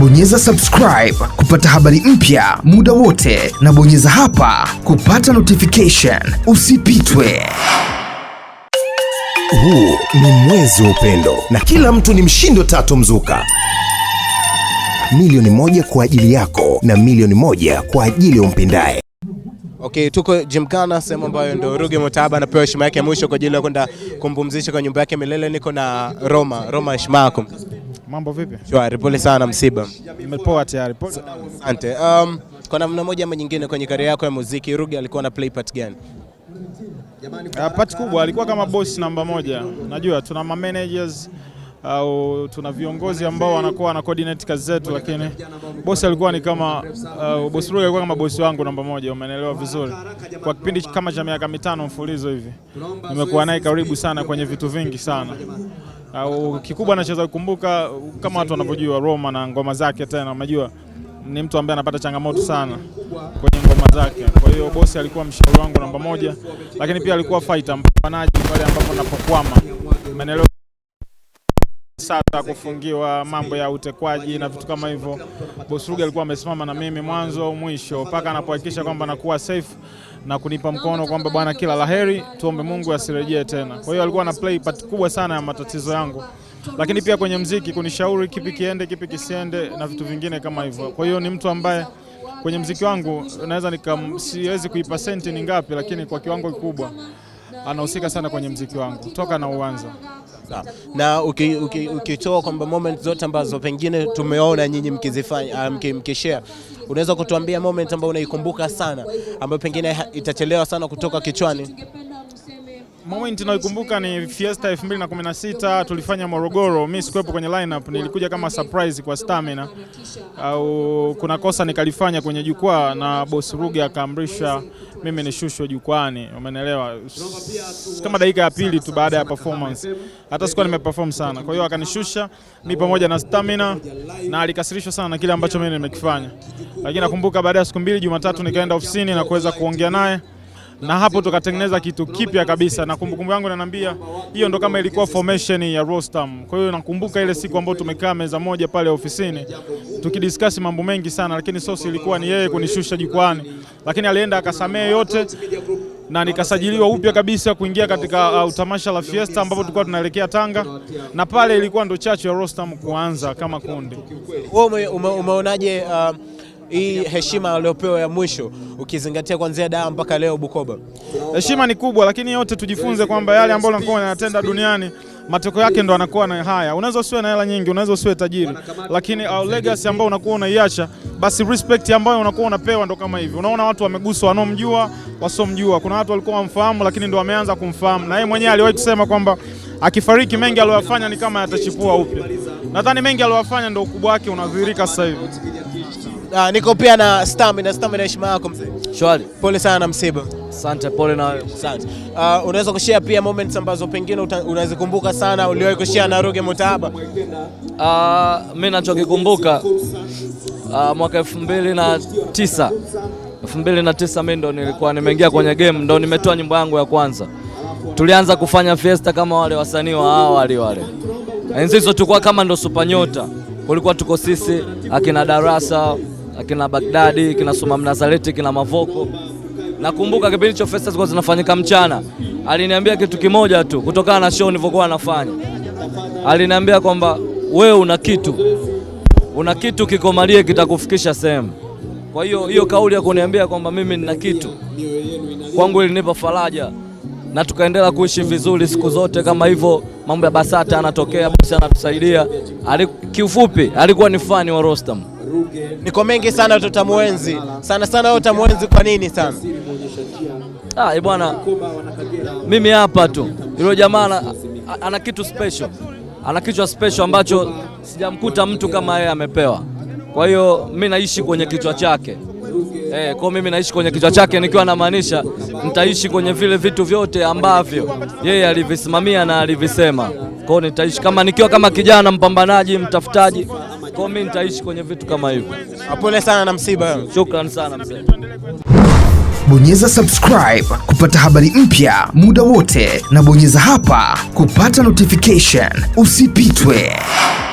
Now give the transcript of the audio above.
bonyeza subscribe kupata habari mpya muda wote, na bonyeza hapa kupata notification. Usipitwe. Huu ni mwezi wa upendo na kila mtu ni mshindo Tatu Mzuka. Milioni moja kwa ajili yako na milioni moja kwa ajili ya umpindaye Okay, tuko jimkana sehemu ambayo ndo Ruge Mutahaba anapewa heshima yake ya mwisho kwa ajili ya kwenda kumpumzisha kwa nyumba yake milele. Niko na Roma. Roma, heshima yako. Mambo vipi? Shwari, pole sana msiba. Nimepoa tayari. Asante. Um, kwa namna moja ama nyingine kwenye kari yako ya muziki Ruge alikuwa na play part gani? Uh, part kubwa alikuwa kama boss namba moja. Najua tuna ma managers au tuna viongozi ambao wanakuwa na coordinate kazi zetu, lakini bosi alikuwa ni kama uh, bosi Ruge alikuwa kama bosi wangu namba moja. Umeelewa vizuri. Kwa kipindi kama cha miaka mitano mfulizo hivi nimekuwa naye karibu sana kwenye vitu vingi sana au kikubwa anachoweza kukumbuka kama watu wanavyojua Roma na ngoma zake, tena unajua ni mtu ambaye anapata changamoto sana kwenye ngoma zake. Kwa hiyo bosi alikuwa mshauri wangu namba moja, lakini pia alikuwa fighter, mpambanaji pale ambapo napokwama, maneno Sasa kufungiwa mambo ya utekwaji na vitu kama hivyo, bosi alikuwa amesimama na mimi mwanzo mwisho mpaka anapohakikisha kwamba nakuwa safe na kunipa mkono kwamba bwana, kila laheri, tuombe Mungu asirejee tena. Kwa hiyo alikuwa na play part kubwa sana ya matatizo yangu, lakini pia kwenye mziki kunishauri kipi kiende, kipi kisiende na vitu vingine kama hivyo. Kwa hiyo ni mtu ambaye kwenye mziki wangu naweza nika, siwezi kuipa senti ni ngapi, lakini kwa kiwango kikubwa anahusika sana kwenye mziki wangu toka na uwanza na ukitoa uki, uki kwamba moment zote ambazo pengine tumeona nyinyi mkizifanya ah, mkishare, unaweza kutuambia moment ambayo unaikumbuka sana ambayo pengine itachelewa sana kutoka kichwani? moment naikumbuka ni Fiesta 2016 tulifanya Morogoro, mimi sikuwepo kwenye lineup, nilikuja kama surprise kwa Stamina, au kuna kosa nikalifanya kwenye jukwaa na boss Ruge akaamrisha mimi nishushwe jukwani, umenelewa? Kama dakika ya pili tu baada ya performance, hata sikuwa nimeperform sana, kwa hiyo akanishusha mimi pamoja na Stamina, na alikasirishwa sana na kile ambacho mimi nimekifanya, lakini nakumbuka baada ya siku mbili, Jumatatu nikaenda ofisini na kuweza kuongea naye na hapo tukatengeneza kitu kipya kabisa, na kumbukumbu yangu inaniambia hiyo ndo kama ilikuwa formation ya Rostam. Kwa hiyo nakumbuka ile siku ambayo tumekaa meza moja pale ofisini tukidiskasi mambo mengi sana, lakini sosi ilikuwa ni yeye kunishusha jukwani, lakini alienda akasamehe yote na nikasajiliwa upya kabisa kuingia katika uh, la Fiesta ambapo tulikuwa tunaelekea Tanga, na pale ilikuwa ndo chachu ya Rostam kuanza kama kundi. Wewe umeonaje? Uh, hii heshima aliyopewa ya mwisho, ukizingatia kuanzia daa mpaka leo Bukoba. Heshima ni kubwa, lakini yote tujifunze kwamba yale ambayo anakuwa anayatenda duniani matokeo yake ndo anakuwa na haya. Unaweza usiwe na hela nyingi, unaweza usiwe tajiri, lakini au legacy ambayo unakuwa unaiacha, basi respect ambayo unakuwa unapewa ndo kama hivi. Unaona watu wameguswa, wanaomjua, wasomjua. Kuna watu walikuwa wamfahamu, lakini ndo wameanza kumfahamu, na yeye mwenyewe aliwahi kusema kwamba akifariki mengi aliyoyafanya ni kama yatachipua upya. Nadhani mengi aliyoyafanya ndo ukubwa wake unadhihirika sasa hivi. Ah, niko pia na Stamina, Stamina heshima yako mzee. Shwari. Pole sana na msiba. Asante, pole na wewe. Asante. Uh, unaweza kushare pia moments ambazo pengine unazikumbuka sana uliwahi kushare na Ruge Mutahaba? Uh, ah, mimi nachokikumbuka uh, mwaka elfu mbili na tisa elfu mbili na tisa mimi ndo nilikuwa nimeingia kwenye game, ndo nimetoa nyimbo yangu ya kwanza. Tulianza kufanya fiesta kama wale wasanii wa awali wale, enzi hizo tulikuwa kama ndo super nyota kulikuwa tuko sisi akina Darasa, akina Bagdadi, akina Sumam Mnazareti, akina Mavoko. Nakumbuka kipindi hicho festa zilikuwa zinafanyika mchana. Aliniambia kitu kimoja tu kutokana na show nilivyokuwa nafanya. Aliniambia kwamba wewe una kitu, una kitu kikomalie, kitakufikisha sehemu. Kwa hiyo hiyo kauli ya kuniambia kwamba mimi nina kitu kwangu ilinipa faraja na tukaendelea kuishi vizuri siku zote kama hivyo. Mambo ya BASATA anatokea basi, anatusaidia kiufupi, alikuwa ni fani wa Rostam. Niko mengi sana tutamwenzi sana sana, utamwenzi kwa nini sana? Ah, eh, bwana, mimi hapa tu, yule jamaa ana kitu special, ana kichwa special ambacho sijamkuta mtu kama yeye amepewa. Kwa hiyo mimi naishi kwenye kichwa chake. Eh, kwa mimi naishi kwenye kichwa chake nikiwa namaanisha nitaishi kwenye vile vitu vyote ambavyo yeye alivisimamia na alivisema. hiyo nitaishi kama nikiwa kama kijana mpambanaji, mtafutaji. Kwa mimi nitaishi kwenye vitu kama hivyo. Apole sana na msiba. Shukrani sana mzee. Bonyeza subscribe kupata habari mpya muda wote na bonyeza hapa kupata notification. Usipitwe.